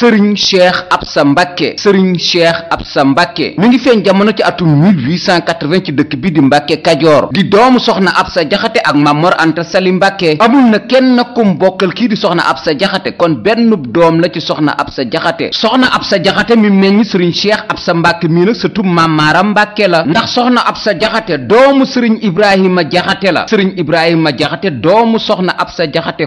sëriñ cheikh absa mbàkke sëriñ cheikh sa mbàkke mi ngi feeñ jamono ci atum 1880 ci dëkk bi di mbàkke kajoor di doomu soxna absa jaxate ak mamor anta sali mbàkke amul na kenn kum bokkal kii di soxna absa jaxate kon bennub doom la ci soxna absa jaxate soxna absa jaxate mi meññ sëriñ cheikh absa mbàkke mii nag sëtu mammaara mbàkke la ndax soxna absa jaxate doomu sëriñ ibrahima jaxate la sëriñ ibrahima jaxate doomu soxna absa jaxate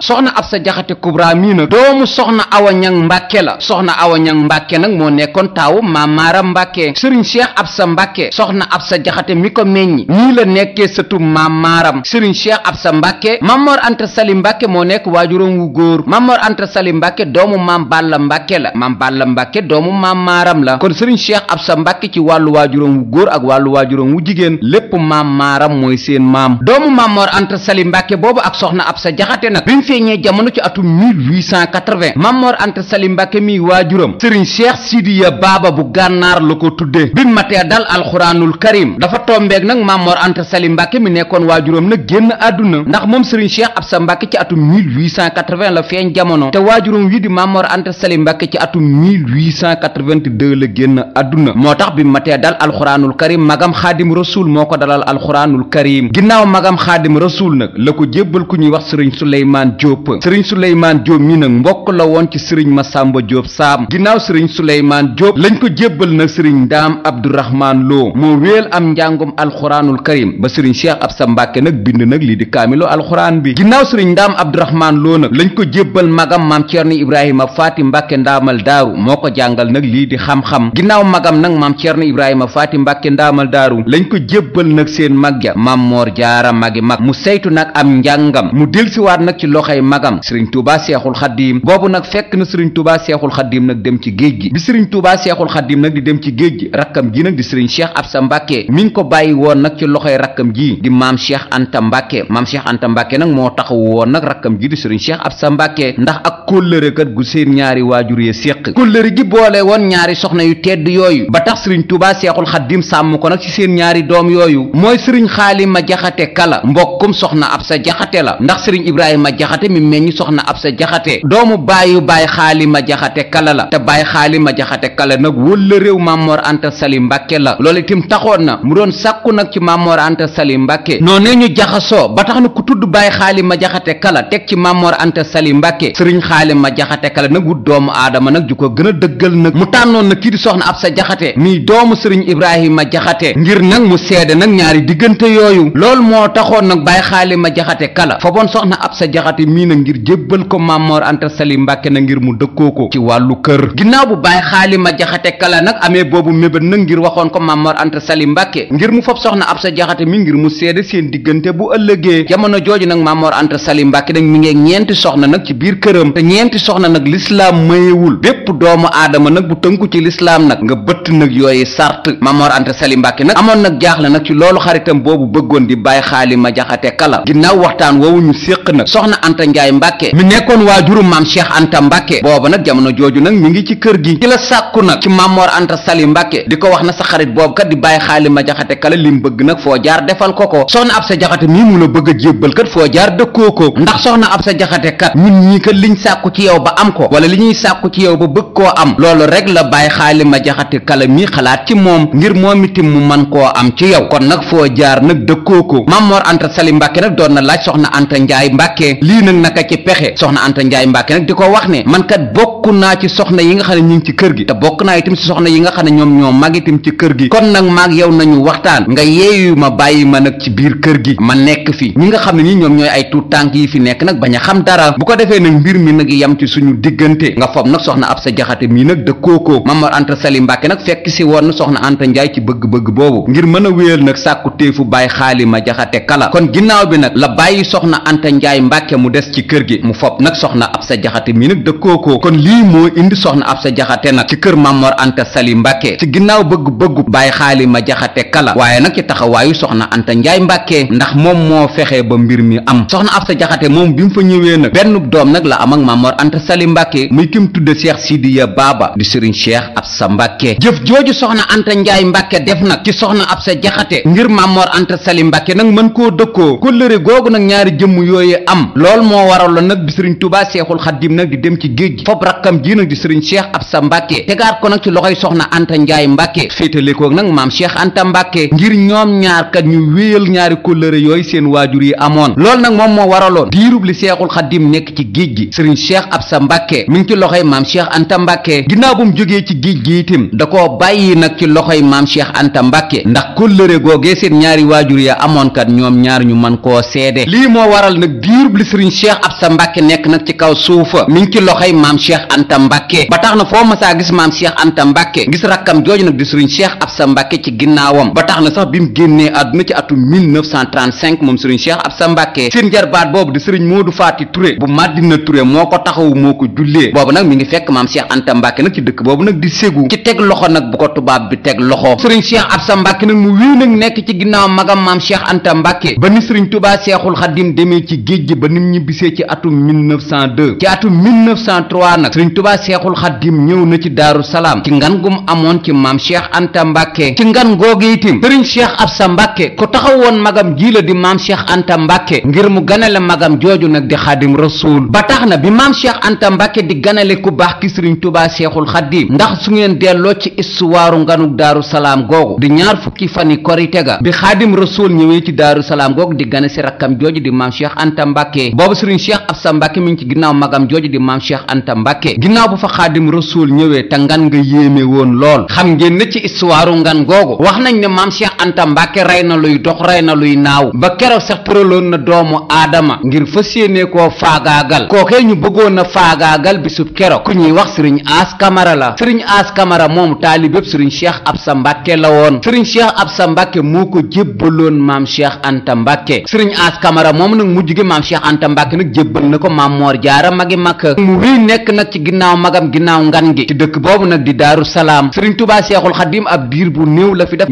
soxna absa jaxate kubra mii nag doomu soxna awa ñang ñang mbàkke la soxna awa ñang mbàkke nag moo nekkoon taawu maam maara mbàkke sëriñ cheikh absa mbàkke soxna absa jaxate mi ko meññi ñii la nekkee sëtu maam maaram sëriñ cheikh absa mbàkke mamor anta sali mbàkke moo nekk waajuram wu góor mamor anta sali mbàkke doomu maam balla mbàkke la maam balla mbàkke doomu maam maaram la kon sëriñ cheikh absa mbàkke ci wàllu waajuram wu góor ak wàllu waajuram wu jigéen lépp maam maaram mooy seen maam doomu mamor anta sali mbàkke boobu ak soxna absa jaxate nag bi mu feeñee jamono ci atum 1880 mamor anta Salim Mbàkke mi waajuram sëriñ Cheikh Sidiya Baaba bu gànnaar la ko tuddee bi ma tee dal alxuraanul karim dafa tombeeg nag Mamor Anta Sali Mbàkke mi nekkoon waajuram nag génn àdduna ndax moom sëriñ Cheikh Absa Mbàkke ci atum 1880 la feeñ jamono te waajuram wi di Mamor Anta Sali Mbàkke ci atum 1882 la génn àdduna moo tax bi ma dal alxuraanul karim magam xaadim rasul moo ko dalal alxuraanul karim ginnaaw magam xaadim rasul nag la ko jébbal ku ñuy wax sëriñ Souleymane Diop sëriñ Souleymane Diop mi nag mbokk la woon ci sëriñ sëriñ Masamba Diop Sam ginnaaw sëriñ Souleymane Diop lañ ko jébbal nag sëriñ Ndaam Abdourahman Lo moo wéel am njàngum alxuraanul karim ba sëriñ Cheikh sa Mbàkke nag bind nag lii di kaamilo alxuraan bi ginnaaw sëriñ Ndaam Abdourahman loo nag lañ ko jébbal magam maam Thierno Ibrahima Faati Mbàkke Ndaamal Daaru moo ko jàngal nag lii di xam-xam ginnaaw magam nag maam Thierno Ibrahima Faati Mbàkke Ndaamal Daaru lañ ko jébbal nag seen mag ja maam Moor Jaara magi mag mu saytu nag am njàngam mu delsiwaat nag ci loxoy magam sëriñ sëriñ Touba Seexul Xaddim nag dem ci géej gi bi sëriñ Touba Seexul Xaddim nag di dem ci géej gi rakkam ji nag di sëriñ Cheikh Absa sa mi ngi ko bàyyi woon nag ci loxoy rakkam ji di maam Cheikh Anta Mbacke maam Cheikh Anta Mbacke nag moo taxaw woon nag rakkam ji di sëriñ Cheikh sa Mbacke ndax ak kóllëre kat gu seen ñaari waajur ya séq kóllëre gi boole woon ñaari soxna yu tedd yooyu ba tax sëriñ Touba Seexul Xaddim sàmm ko nag ci seen ñaari doom yooyu mooy sëriñ Xaalima Jaxate Kala mbokkum soxna Absa Jaxate la ndax sëriñ Ibrahima Jaxate mi meññ xaalima jaxate kala la te bàyyi xaalima jaxate kala nag wëlla réew Mamor Anta Sali Mbàkke la loolu itam na mu doon sàkku nag ci Mamor Anta Sali Mbàkke noonee ñu jaxasoo ba tax na ku tudd bàyyi xaalima jaxate kala teg ci Mamor Anta Sali Mbàkke sëriñ xaalima jaxate kala nag wut doomu aadama nag ju ko gën a dëggal nag mu tànnoon na kii di soxna ab sa jaxate mii doomu sëriñ Ibrahima jaxate ngir nag mu seede nag ñaari diggante yooyu lool moo taxoon nag bàyyi xaalima jaxate kala fa boon soxna ab sa jaxate mii na ngir jébbal ko Mamor Anta Sali Mbàkke na ngir mu dëkkoo ko ci wàllu kër ginnaaw bu bàyyi xaalima jaxate kala nag amee boobu mébét nag ngir waxoon ko Mamor Anta Sali Mbàkke ngir mu fab soxna Absa Jaxate mi ngir mu seede seen diggante bu ëllëgee jamono jooju nag Mamor Anta Sali Mbàkke nag mi ngi ñeenti soxna nag ci biir këram te ñeenti soxna nag lislaam mayewul bépp doomu aadama nag bu tënku ci lislaam nag nga bëtt nag yooyu sart Mamor Anta Sali Mbàkke nag amoon nag jaaxle nag ci loolu xaritam boobu bëggoon di bàyyi xaalima jaxate kala ginnaaw waxtaan woowu ñu soxna Anta Njaay Mbàkke mi nekkoon waajuru maam Cheikh Anta Mbàkke booba nag jamono jooju nag mi ngi ci kër gi ci la sàkku nag ci Mamor Anta Sali Mbàkke di ko wax na sa xarit boobu kat di bàyyi xaalima jaxate kala lim bëgg nag foo jaar defal ko ko soxna ab sa jaxate mii mu la bëgg a jébbal kat foo jaar dëkkoo ko ndax soxna ab sa jaxate kat ñun ñii kat liñ sàkku ci yow ba am ko wala li ñuy sàkku ci yow ba bëgg koo am loolu rek la bàyyi xaalima jaxate kala mii xalaat ci moom ngir moom itam mu man koo am ci yow kon nag foo jaar nag dëkkoo ko Mamor Sali Mbàkke nag doon na laaj soxna Anta Njaay Mbàkke lii nag naka ci pexe soxna Anta ne man kat bokk naa ci soxna yi nga xam ne ñu ngi ci kër gi te bokk naa itam ci soxna yi nga xam ne ñoom ñoo mag itam ci kër gi kon nag maag yow nañu waxtaan nga yeeyu ma bàyyi ma nag ci biir kër gi ma nekk fi ñi nga xam ne ñi ñoom ñooy ay tuut tànk yi fi nekk nag bañ xam dara bu ko defee nag mbir mi nag yam ci suñu diggante nga fob nag soxna Absa Jaxate mii nag dëkkookoo Mamar Anta Sali Mbàkke nag fekk si woon na soxna Anta ci bëgg-bëgg boobu ngir mën a wéyal nag sàkku téefu bàyyi xaali ma jaxate kala kon ginnaaw bi nag la bàyyi soxna Anta Njaay Mbàkke mu des ci kër gi mu fob nag soxna Absa Jaxate mii nag ko kon lii moo indi soxna sa Jaxate nag ci kër Mamor Anta Sali Mbàkke ci ginnaaw bëgg-bëggu Baay Xaalima Jaxate Kala waaye nag ci taxawaayu soxna Anta Njaay Mbàkke ndax moom moo fexe ba mbir mi am soxna sa Jaxate moom bi mu fa ñëwee nag benn doom nag la am ak Mamor Anta Sali Mbàkke muy kim tudde Cheikh Sidiya Baba di Serigne Cheikh sa Mbàkke jëf jooju soxna Anta Njaay Mbàkke def nag ci soxna sa Jaxate ngir Mamor Anta Sali Mbàkke nag mën koo dëkkoo kóllëre googu nag ñaari jëmm yooyu am ji fob rakkam jii nag di sëriñ cheikh sa mbàkke tegaat ko nag ci yi soxna anta njaay mbàkke féetalekoo nag maam cheikh anta mbàkke ngir ñoom ñaar kat ñu wéyal ñaari kóllëre yooyu seen waajur yi amoon loolu nag moom moo waraloon diirub li seexul xaddim nekk ci géej gi sëriñ cheikh absa mbàkke mi ngi ci loxoy maam cheikh anta mbàkke ginnaaw bu ci géej gi itam da koo bàyyi nag ci loxoy maam cheikh anta mbàkke ndax kóllëre googee seen ñaari waajur ya amoon kat ñoom ñaar ñu man koo seede lii moo waral nag diirub li sëriñ cheikh sa mbàkke nekk nag ci kaw suufa mi ngi ci loxoy maam cheikh anta mbàkke ba tax na foo masaa gis maam cheikh anta mbàkke gis rakkam jooju nag di sëriñ cheikh absa mbàkke ba tax na sax bi mu génnee àdduna ci atum 1935 moom sëriñ cheikh absa mbàkke seen jarbaat boobu di sëriñ moodu faati Touré bu Madina Touré moo ko taxawu moo ko jullee boobu nag mi ngi fekk maam cheikh anta mbàkke nag ci dëkk boobu nag di ségu ci teg loxo nag bu ko tubaab bi teg loxo sëriñ cheikh absa mbàkke nag mu wéy nag nekk ci ginnaaw magam maam cheikh anta mbàkke ba ni sëriñ tubaa seexul xadim demee gi ba nim ñibbisee ci atum 1902 1963 nag sëriñ tubaa seexul xaddim ñëw na ci daaru salaam ci ngan gum amoon ci maam cheikh anta mbàkke ci ngan googu itim sëriñ cheikh absa mbàkke ko taxawoon magam ji la di maam cheikh anta mbàkke ngir mu ganale magam jooju nag di xaadim rasuul ba tax na bi maam cheikh anta mbàkke di ganale ku baax ki sëriñ tubaa seexul xaddim ndax su ngeen delloo ci istuwaaru nganuk daaru salaam googu di ñaar fukki fani korite ga bi xaadim rasuul ñëwee ci daaru salaam googu di gane si rakkam jooju di maam cheikh anta mbàkke boobu sëriñ cheikh absa mbàkke mi ngi ci ginnaaw magam jooju di maam cheikh anta Anta Mbàkke ginnaaw bu fa xaadim rasuul ñëwee te ngan nga yéeme woon lool xam ngeen ci istuwaaru ngan googu wax nañ ne maam Cheikh Anta Mbàkke rey na luy dox rey na luy naaw ba kero sax tëraloon na doomu aadama ngir fas yéene ko faagaagal kookee ñu bëggoon a faagaagal bisub keroog ku ñuy wax sëriñ Aas Kamara la sëriñ Aas Kamara moomu taalibépp sëriñ Cheikh Absa Mbàkke la woon sëriñ Cheikh Absa Mbàkke moo ko jébbaloon maam Cheikh Anta Mbàkke sëriñ Aas Kamara moom nag mujj gi maam Cheikh Anta Mbàkke nag jébbal na ko maam Moor Jaara magi mag mu wii nekk nag ci ginnaaw magam ginnaaw ngan gi ci dëkk boobu nag di Daaru Salaam sëriñ Tubaa Seexul Xadiim ab diir bu néew la fi def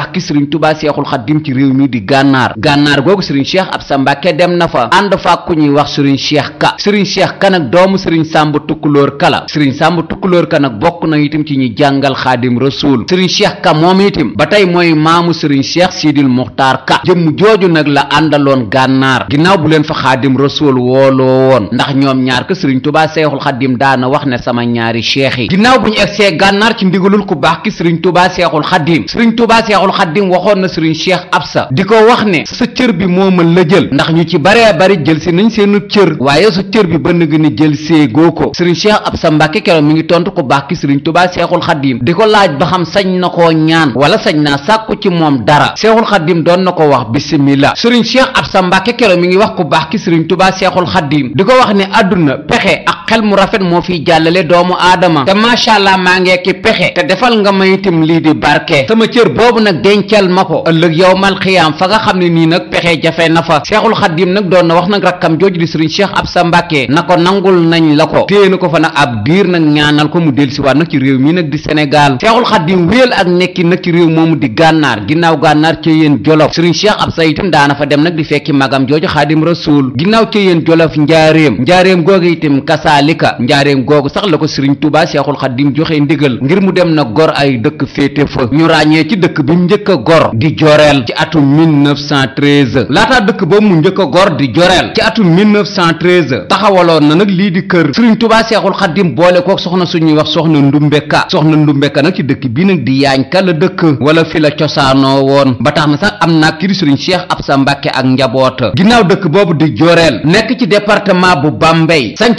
baax ki sëriñ tubaa seexul xaddim ci réew mi di gànnaar gànnaar googu sëriñ cheikh absa mbàkke dem na fa ànd fa ku ñuy wax sëriñ cheikh ka sëriñ cheikh ka nag doomu sëriñ sàmb tukkulóor ka la sëriñ sàmb tukkulóor ka bokk na itam ci ñi jàngal xaadim rasuul sëriñ cheikh ka moom itam ba tey mooy maamu sëriñ cheikh siidil muxtaar ka jëmm jooju nag la àndaloon gànnaar ginnaaw bu leen fa xaadim rasuul wooloo woon ndax ñoom ñaar ka sëriñ tubaa seexul xaddim daana wax ne sama ñaari cheikh yi ginnaaw bu ñu egsee gànnaar ci ndigalul ku baax ki sëriñ tubaa seexul xaddim sëriñ tubaa seexul Seexul Xaddim waxoon na Sëriñ Cheikh sa di ko wax ne sa cër bi moo ma la jël ndax ñu ci bare bari jël si nañ seenu cër waaye sa cër bi bënn nga ni jël see ko Sëriñ Cheikh sa Mbàkke keroog mi ngi tontu ko baax ki Sëriñ Tuubaa Seexul Xaddim di ko laaj ba xam sañ na koo ñaan wala sañ naa sàkku ci moom dara Seexul Xaddim doon na ko wax bismillah Sëriñ Cheikh sa Mbàkke keroog mi ngi wax ku baax ki Sëriñ Tuubaa Seexul Xaddim di ko wax ne àdduna pexe xel mu rafet moo fiy jàllale doomu aadama te macha allah maa ngee ki pexe te defal nga ma itam lii di barke sama cër boobu nag dencal ma ko ëllëg yow mal xiyaam fa nga xam ne nii nag pexe jafe na fa seexul xaddim nag doon na wax nag rakkam jooju di sëriñ cheikh absa mbàkke na ko nangul nañ la ko téye na ko fa nag ab diir nag ñaanal ko mu dellusiwaat nag ci réew mi nag di sénégal seexul xaddim wéel ak nekki nag ci réew moomu di gànnaar ginnaaw gànnaar ci yéen jolof sëriñ cheikh absa itam daana fa dem nag di fekki magam jooju xaadim rasul ginnaaw ci yéen jolof njaaréem njaaréem googu itam kazaalika njaareem googu sax la ko sëriñ Tuubaa Seexul Xaddim joxe ndigal ngir mu dem na gor ay dëkk féete fa ñu ràññee ci dëkk bi mu njëkk a gor di joreel ci atum 1913 laataa dëkk boobu mu njëkk a gor di joreel ci atum 1913 taxawaloon na nag lii di kër sëriñ Tuubaa Seexul Xaddim boole kook soxna suñuy wax soxna Ndumbeka soxna Ndumbeka nag ci dëkk bi nag di Yaañka la dëkk wala fi la cosaanoo woon ba tax na sax am naa kii di sëriñ Cheikh sa Mbàkke ak njaboota ginnaaw dëkk boobu di joreel nekk ci département bu Bambey sanc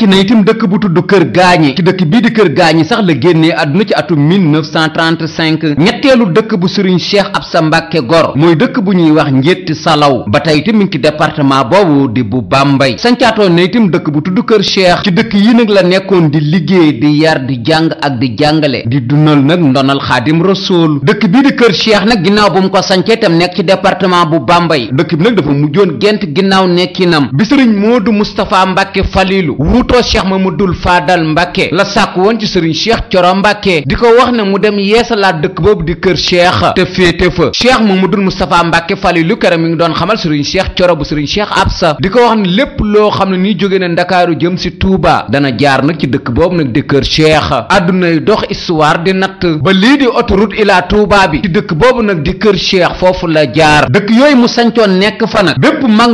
dëkk bu tudd kër gaañi ci dëkk bii di kër gaañi sax la génnee àdduna ci atum 1935 ñetteelu dëkk bu sëriñ cheikh absa mbàkke gor mooy dëkk bu ñuy wax njétti salaw ba tey itam mi ngi département boobu di bu bàmbay sancaatoon na itam dëkk bu tudd kër cheikh ci dëkk yi nag la nekkoon di liggéey di yar di jàng ak di jàngale di dunal nag ndonal xaadim rasool dëkk bii kër cheikh nag ginnaaw bu mu ko sancee itam nekk ci département bu bàmbay dëkk bi nag dafa mujjoon gent ginnaaw nekkinam bi sëriñ moodu mustapha mbàkke falilu wuutoo cheikh Mamadul Faadal Mbàkke la sàkk woon ci sëriñ Cheikh Coro Mbàkke di ko wax ne mu dem yeesalaat dëkk boobu di kër Cheikh te féete fa mu Mamadul Moustapha Mbàkke Falilu këram mi ngi doon xamal sëriñ Cheikh Coro bu sëriñ Cheikh sa di ko wax ne lépp loo xam ne nii jóge na Ndakaaru jëm si Touba dana jaar nag ci dëkk boobu nag di kër Cheikh àddunay dox histoire di natt ba lii di autoroute ila Touba bi ci dëkk boobu nag di kër Cheikh foofu la jaar dëkk yooyu mu sancoon nekk fa nag bépp mag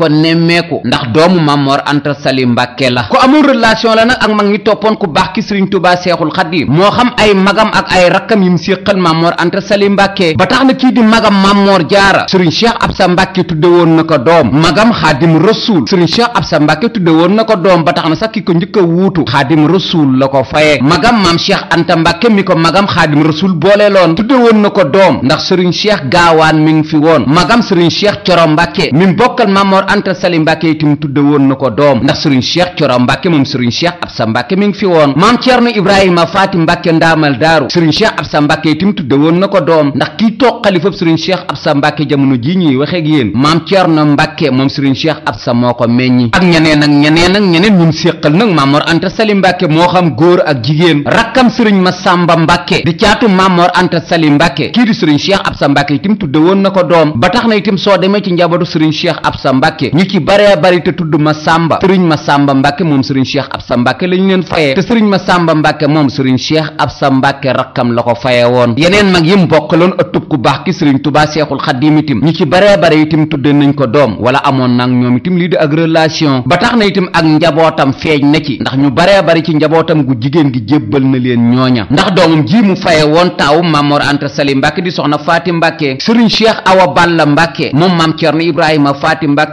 ko nemmeeku ndax doomu Mamor Anta Sali Mbàkke la ko amul relation la nag ak mag ñi toppoon ku baax ki Sëriñ Tuubaa Seexul Xadiim moo xam ay magam ak ay rakkam yim séqal Mamor Anta Sali Mbàkke ba tax na kii di magam Mamor Jaara Sëriñ Cheikh Absa Mbàkke tudde woon na ko doom magam Xaadim Rasuul Sëriñ Cheikh Absa Mbàkke tudde woon na ko doom ba tax na sax ki ko njëkk a wuutu Xaadim Rasuul la ko faye magam maam Cheikh Anta Mbàkke mi ko magam Xaadim Rasuul booleeloon tudde woon na ko doom ndax Sëriñ Cheikh Gaawaan mi ngi fi woon magam Sëriñ Cheikh Coro Mbàkke mi Anta Sali Mbàkke itam tudde woon na ko doom ndax sëriñ Cheikh Coro Mbàkke moom sëriñ Cheikh Absa Mbàkke mi ngi fi woon maam Ceerno Ibrahima Faati Mbàkke ndaamal daaru sëriñ Cheikh Absa Mbàkke itam tudde woon na ko doom ndax kii toog xalifab sëriñ Cheikh Absa Mbàkke jamono jii ñuy waxeeg yéen maam Ceerno Mbàkke moom sëriñ Cheikh Absa moo ko meññi ak ñeneen ak ñeneen ak ñeneen ñun séqal nag Maam Mor Anta Sali Mbàkke moo xam góor ak jigéen rakkam sëriñ Masamba Mbàkke di caatu Maam Mor Anta Sali Mbàkke kii di sëriñ Cheikh Absa Mbàkke itam tudde woon na ko doom ba tax na itam soo demee ci njabootu sëriñ Cheikh sa Mbàkke mbàkke ñu ci bare bari te tudd ma sàmba sëriñ ma sàmba mbàkke moom sëriñ cheikh absa mbàkke lañu leen fayee mbàkke rakkam la ko faye woon yeneen mag yim bokkaloon ëttub ku baax ki sëriñ tubaa seexul xaddiim itam ñu ci bare bare itam tudde nañ ko doom wala amoon nag ñoom itam lii di ak relation ba tax na itam ak njabootam feeñ na ci ndax ñu bare bari ci njabootam gu jigéen gi jébbal na leen ñooña ndax doomam ji mu faye woon taawu mamor anta sali mbàkke di soxna faati mbàkke sëriñ cheikh awa balla mbàkke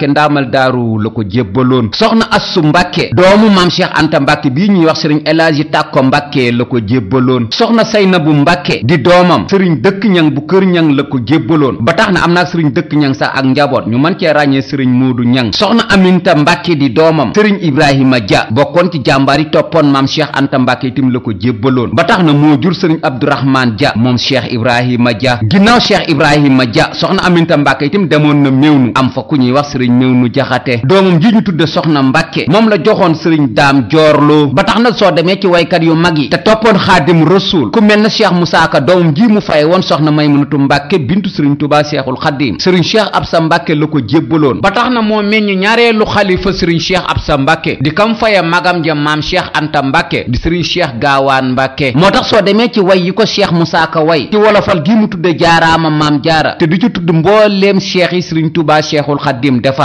ndaamal daaru la ko jébbaloon soxna assu mbàkke doomu maam cheikh anta mbàkke bii ñuy wax sëriñ elaaji tàkko mbàkke la ko jébbaloon soxna na bu mbàkke di doomam sëriñ dëkk ñan bu kër ñang la ko jébbaloon ba tax na am naa sëriñ dëkk ñan sax ak njaboot ñu man cee ràññee sëriñ muudu ñang soxna aminta mbàkke di doomam sëriñ ibrahima dia bokkoon ci jàmbaar toppoon maam cheikh anta mbàkke itam la ko jébbaloon ba tax na moo jur sëriñ abdourahman dia moom cheikh ibrahima dia ginnaaw cheikh ibrahima dia soxna aminta mbàkke itam demoon na méewnu am fa ñuy wax sëriñ néew nu jaxate doomam ji ñu tudde soxna mbàkke moom la joxoon sëriñ daam joorloo ba tax na soo demee ci waykat yu mag yi te toppoon xaadim rasuul ku mel ne cheikh moussa ka doomam ji mu faye woon soxna maymunatu mbàkke bintu sëriñ tubaa seexul xadim sëriñ cheikh sa mbàkke la ko jébbaloon ba tax na moo meññ ñaareelu xalifa sëriñ cheikh sa mbàkke di kam faye magam ja maam cheikh anta mbàkke di sëriñ cheikh gaawaan mbàkke moo tax soo demee ci way yi ko cheikh moussa ka way ci wolofal gi mu tudde jaaraama maam jaara te du ci tudd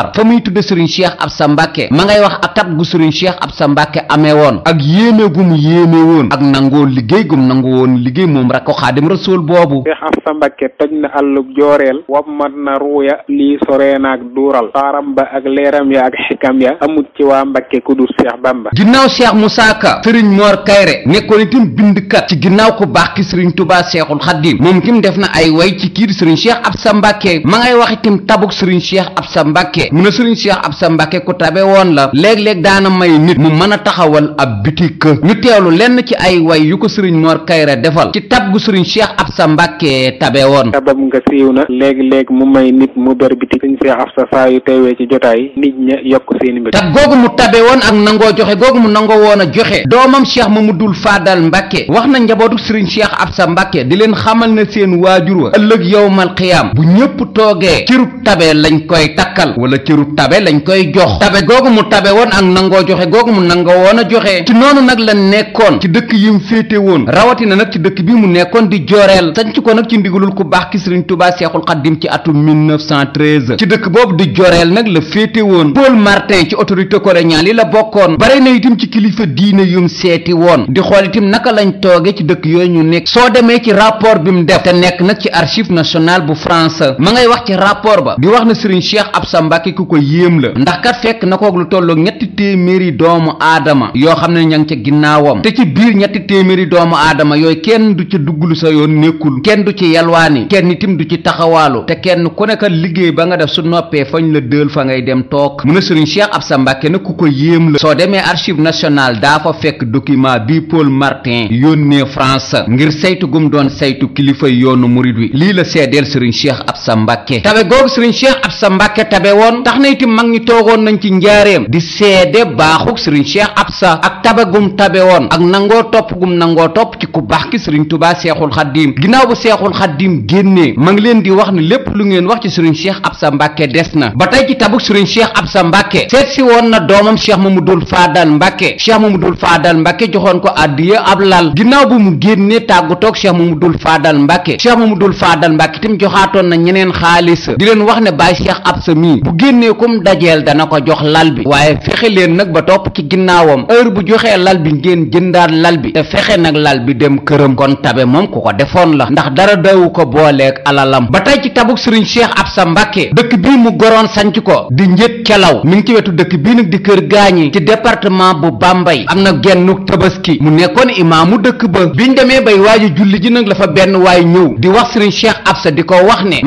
safar fa muy tudde sëriñ cheikh absa mbàkke ma ngay wax ak tab gu sëriñ cheikh sa mbàkke amee woon ak yéene gu mu yéene woon ak nangoo liggéey gum liggéey moom rek ko xaadim rasul boobu cheikh absa mbàkke toj na àllub jooreel wam mat na ruuya lii soree naak ba ak leeram ya ak xikam waa mbàkke ku dul cheikh bamba ginnaaw cheikh moussa ka sëriñ moor kayre nekkoon itam bindkat ci ginnaaw ko baax ki sëriñ tubaa seexul xaddim moom kim def na ay way ci kiir sëriñ cheikh absa mbàkke ma ngay wax itam tabuk sëriñ cheikh sa mbàkke mun mu ne sëriñ Cheikh sa Mbacke ku tabe woon la léeg-léeg daana may nit mu mën a taxawal ab bitik ñu teelu lenn ci ay way yu ko sëriñ Mor Kayre defal ci tab gu sëriñ Cheikh Absa Mbacke tabe woon tabam nga siiw na léeg-léeg mu may nit mu ber bitik sëriñ Cheikh Absa saa yu teewee ci jotaay nit ña yokk seeni mbir tab googu mu tabe woon ak nangoo joxe googu mu nangoo woon a joxe doomam mu dul Fadal Mbacke wax na njabootu sëriñ Cheikh sa Mbacke di leen xamal na seen waajur wa ëllëg yowmal xiyaam bu ñëpp toogee cirub tabe lañ koy takkal cëru tabe lañ koy jox tabe googu mu tabe woon ak nangoo joxe googu mu nangoo woon a joxe ci noonu nag la nekkoon ci dëkk yi féete woon rawatina nag ci dëkk bi mu nekkoon di jooreel sanc ko nag ci ndigalul ku baax ki sëriñ Tuubaa Seexul Xaddim ci atum 1913 ci dëkk boobu di joreel nag la féete woon Paul Martin ci autorité coloniale yi la bokkoon bare na itam ci kilifa diine yum seeti woon di xool itim naka lañ tooge ci dëkk yooyu ñu nekk soo demee ci rapport bi mu def te nekk nag ci archive nationale bu France ma ngay wax ci rapport ba di wax na sëriñ Cheikh Absa Mbacke ki ku ko yéem la ndax kat fekk na koog lu tolloog ñetti téeméeri doomu aadama yoo xam ne ña ngi ca ginnaawam te ci biir ñetti téeméeri doomu aadama yooyu kenn du ca dugglu sa yoon nekkul kenn du ci yalwaani kenn itim du ci taxawaalu te kenn ku nekk liggéey ba nga def su noppee fañ la dël fa ngay dem toog mu ne sëriñ Cheikh Absa Mbàkke na ku ko yéem la soo demee archive nationale daa fa fekk document bi Paul Martin yónnee France ngir saytu gum doon saytu kilifa yoonu murid wi lii la seedeel sëriñ Cheikh Absa Mbàkke tabe moom tax na itam mag ñi toogoon nañu ci njaareem di seede baaxuk sëriñ cheikh sa ak tabagum tabe woon ak nangoo topp gum nangoo topp ci ku baax ki sëriñ tubaa seexul xaddiim ginnaaw bu seexul xaddiim génnee ma ngi leen di wax ne lépp lu ngeen wax ci sëriñ cheikh absa mbàkke des na ba tey ci tabuk sëriñ cheikh absa mbàkke seet si woon na doomam cheikh mamadul faadal mbàkke cheikh mamadul faadal mbàkke joxoon ko addiya ab lal ginnaaw bu mu génnee tàggutoog cheikh mamadul faadal mbàkke cheikh mamadul faadal mbàkke itam joxaatoon na ñeneen xaalis di leen wax ne baay cheikh absa mii génnee kum dajeel dana ko jox lal bi waaye fexe leen nag ba topp ci ginnaawam heure bu joxee lal bi ngeen jëndaat lal bi te fexe nag lal bi dem këram kon tabe moom ku ko defoon la ndax dara dawu ko booleeg alalam ba tey ci tabuk sëriñ Cheikh sa Mbacke dëkk bii mu goroon sanc ko di njët calaw mi ngi ci wetu dëkk bii nag di kër gaañi ci département bu Bambey am na gennuk tabaski mu nekkoon imaamu dëkk ba biñ demee bay waaju julli ji nag la benn waay ñëw di wax sëriñ Cheikh Absa di ko wax ne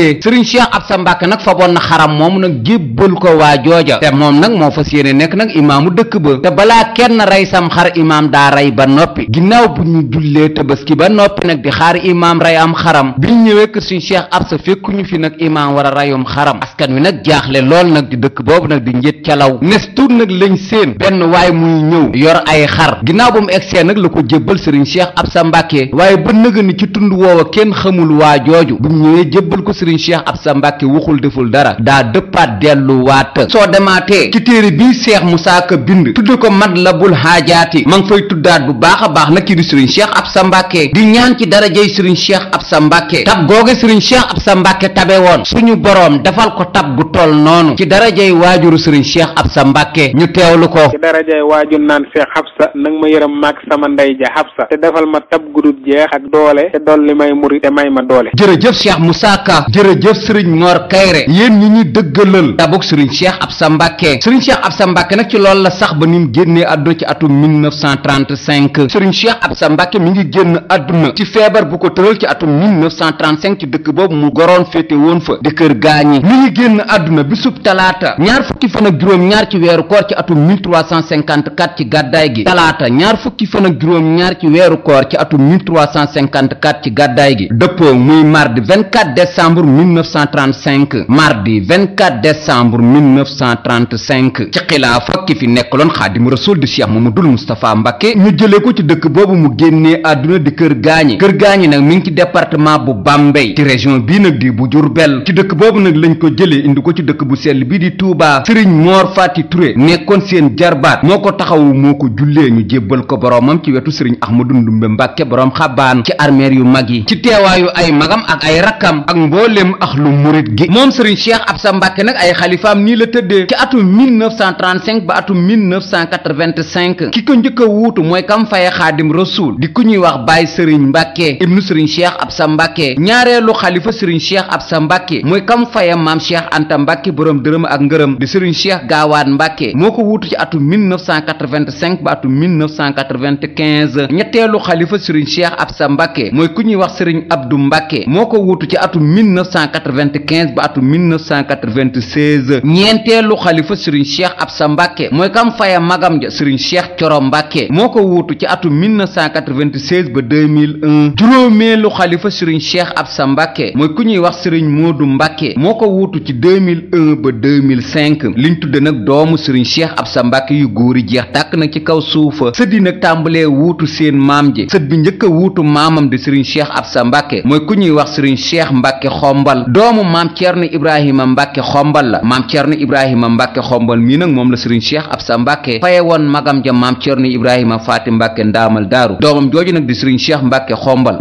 liggéey sëriñ cheikh absa mbàkke nag faboon na xaram moom nag jébbal ko waa jooja te moom nag moo fas yéene nekk nag imaamu dëkk ba te balaa kenn rey sam xar imaam daa rey ba noppi ginnaaw bu ñu jullee tabaski ba noppi nag di xaar imaam rey am xaram biñ ñëwee kër sëriñ sa absa ñu fi nag imaam war a reyum xaram askan wi nag jaaxle lool nag di dëkk boobu nag di njët calaw nes tuut nag lañ seen benn waay muy ñëw yor ay xar ginnaaw bu mu egsee nag la ko jébbal sëriñ cheikh absa mbàkke waaye sëriñ cheikh absa mbàkke waxul deful dara daa dëppaat delluwaat soo demaatee ci téere bii seex musaa ka bind tudd ko mat la bul xaajaati ma ngi fay tuddaat bu baax a baax na ki di sëriñ cheikh sa mbàkke di ñaan ci darajey sëriñ cheikh absa mbàkke tab googe sëriñ cheikh absa mbàkke tabe woon suñu boroom dafal ko tab gu toll noonu ci darajey waajuru sëriñ cheikh absa mbàkke ñu teewlu ko ci darajey waajur naan cheikh sa nang ma yërëm maag sama ndey ja absa te dafal ma tab gudub jeex ak doole ma doole jërëjëf jërëjëf sëriñ Mor Kayre yéen ñi ñu dëggalal tabuk sëriñ Cheikh Absa Mbàkke sëriñ Cheikh Absa Mbàkke nag ci loolu la sax ba ni mu génnee àdduna ci atum 1935 sëriñ Cheikh sa Mbàkke mi ngi génn àdduna ci feebar bu ko tëral ci atum 1935 ci dëkk boobu mu goroon féete woon fa di kër gaañi mi ngi génn àdduna bisub talaata ñaar fukki fan ak juróom-ñaar ci weeru koor ci atum 1354 ci gàddaay gi talaata ñaar fukki fan ak juróom-ñaar ci weeru koor ci atum 1354 ci gàddaay gi dëppoo muy mardi 24 décembre 1935 mardi 24 décembre 1935 ci xilaafa ki fi nekkaloon xaadimu rasul di cheikh mamadul moustapha mbake ñu jëlee ko ci dëkk boobu mu génnee àdduna di kër gaañi kër gaañi nag mi ngi ci département bu Bambey ci région bii nag di bu Diourbel ci dëkk boobu nag lañ ko jëlee indi ko ci dëkk bu sell bii di Touba Serigne Mor Fati Touré nekkoon seen jarbaat moo ko taxawu moo ko jullee ñu jébbal ko boromam ci wetu Serigne Ahmadou Ndumbe mbakke borom xabaan ci armeer yu mag y mbooleem axlu murit gi moom sëriñ cheikh sa mbàkke nag ay xalifaam nii la tëddee ci atum 1935 ba atum 1985 ki ko njëkk a wuutu mooy kam faye xaadim rasuul di ku ñuy wax baay sëriñ mbàkke ibnu sëriñ cheikh sa mbàkke ñaareelu xalifa sëriñ cheikh sa mbàkke mooy kam faye maam cheikh anta mbàkke borom dërëm ak ngërëm di sëriñ cheikh gaawaat mbàkke moo ko wuutu ci atum 1985 ba atum 1995 ñetteelu xalifa sëriñ cheikh sa mbàkke mooy ku ñuy wax sëriñ du mbàkke moo ko wuutu ci atum 1995 ba atum 1996 ñeenteelu xalifa sëriñ cheikh absa mbàkke mooy kam faye magam ja sëriñ cheikh coro mbàkke moo ko wuutu ci atum 1996 ba 2001 juróomeelu xalifa sëriñ cheikh sa mbàkke mooy ku ñuy wax moo du mbàkke moo ko wuutu ci 2001 ba 2005 liñ tudde nag doomu sëriñ cheikh sa mbàkke yu góor yi jeex tàkk nag ci kaw suufa sët tàmbalee wuutu seen maam ji sët bi njëkk a wuutu maamam di sëriñ cheikh absa mbàkke mooy ku ñuy wax sëriñ cheikh mbàkke xom xombal doomu maam Thierno Ibrahima Mbacke xombal la maam Thierno Ibrahima Mbacke xombal mii nag moom la Serigne Cheikh Absa Mbacke faye woon magam ja maam Thierno Ibrahima Faati Mbacke ndaamal xombal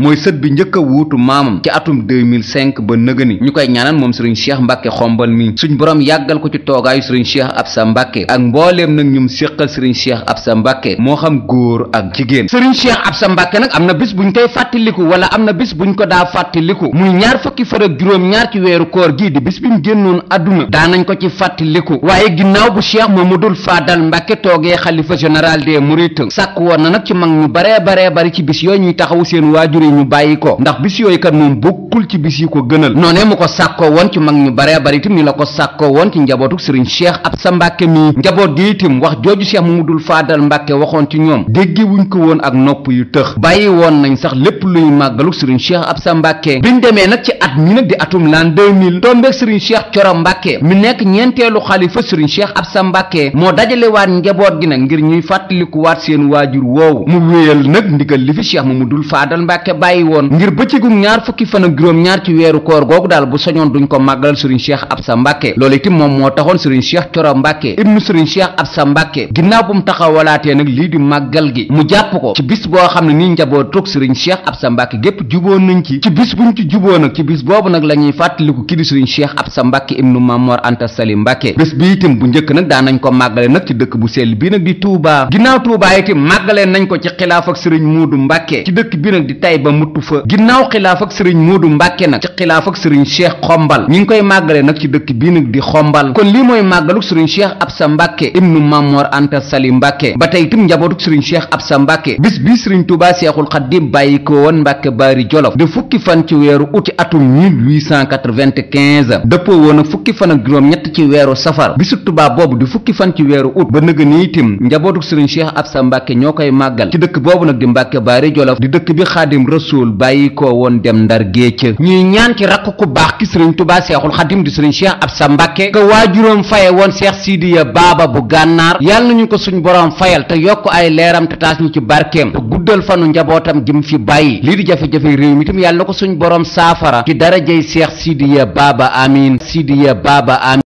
a wuutu maamam ci atum ba nëgëni ñu koy ñaanal moom Serigne Cheikh Mbacke xombal mii suñ borom yàggal ko ci toogaayu Serigne Cheikh Absa Mbacke ak mbooleem nag ñum séqal Serigne Cheikh Absa Mbacke moo xam góor ak jigéen Serigne Cheikh Absa Mbacke nag am na bis buñ koy fàttaliku wala am na bis buñ ko daa fàttaliku muy ñaar fukki fan ak juróom-ñaar ci weeru koor gii di bis bi mu génnoon àdduna daanañ ko ci fàttaliku waaye ginnaaw bu cheikh mamadul faadal mbàkke toogee xalifa général des mourides sàkk woon na nag ci mag ñu baree baree bari ci bis yooyu ñuy taxawu seen waajur yi ñu bàyyi ko ndax bis yooyu kat moom bokkul ci bis yi ko gënal noonee mu ko sàkkoo woon ci mag ñu baree bari itam ni la ko sàkkoo woon ci njabootuk sëriñ cheikh absa mbàkke mii njaboot gi itam wax jooju cheikh mamadul faadal mbàkke waxoon ci ñoom dégge ko woon ak nopp yu tëx bàyyi woon nañ sax lépp luy màggaluk sëriñ cheikh absa mbàkke biñ di atum l'an 2000 tombeeg sëriñ cheikh coro mbàkke mi nekk ñeenteelu xalifa sëriñ cheikh sa mbàkke moo dajale dajalewaat njaboot gi nag ngir ñuy fàttalikuwaat seen waajur woowu mu wéyal nag ndigal li fi mu dul faadal mbàkke bàyyi woon ngir bëccëgu ñaar fukki fan ak juróom-ñaar ci weeru koor googu daal bu soñoon duñ ko màggal sëriñ cheikh absa mbàkke loolu itam moom moo taxoon sëriñ cheikh coro mbàkke ibnu sëriñ cheikh absa mbàkke ginnaaw bu mu taxawalaatee nag lii di màggal gi mu jàpp ko ci bis boo xam ne nii njaboot toog sëriñ cheikh absa mbàkke gépp juboo nañ ci ci bis juboo nag ci bis boobu nag nag la ñuy fàttaliku kii di sëriñ cheikh absa mbàkke ibnu mamor anta sali mbàkke bés bi itam bu nañ ko màggale nag ci dëkk bu sell bii nag di tuubaa bi nag di tayba muttu fa ginnaaw xilaaf ak sëriñ muudu mbàkke nag ci xilaaf ak sëriñ cheikh xombal ñi ngi koy màggale nag ci dëkk bii nag di xombal kon lii mooy màggaluk sëriñ cheikh absa mbàkke ibnu mamor anta sali mbàkke ba tey itam njabootuk sëriñ cheikh absa mbàkke bis bi sëriñ tuubaa seexul xaddim bàyyi ko woon mbàkke baari jolof de fukki fan ci weeru ut ci atum 1895 dëppoo woon ak fukki fan ak juróom ñett ci weeru safar bisu tubaab boobu di fukki fan ci weeru ut ba nëga ni itim njabootuk sëriñ cheikh absa mbàkke ñoo koy màggal ci dëkk boobu nag di mbàkke baari jolof di dëkk bi xaadim rasuul bàyyi ko woon dem ndar géej ñuy ñaan ci rakk ku baax ki sëriñ tubaa seexul xadim di sëriñ cheikh sa mbàkke ka waajuróom faye woon seex siidiya baaba bu gànnaar yàlla nañu ko suñ boroom fayal te yokk ay leeram te taas ñu ci barkeem te guddal fanu njabootam gi mu fi bàyyi lii di Cheikh Sidiya Baba Amin Sidiya Baba Amin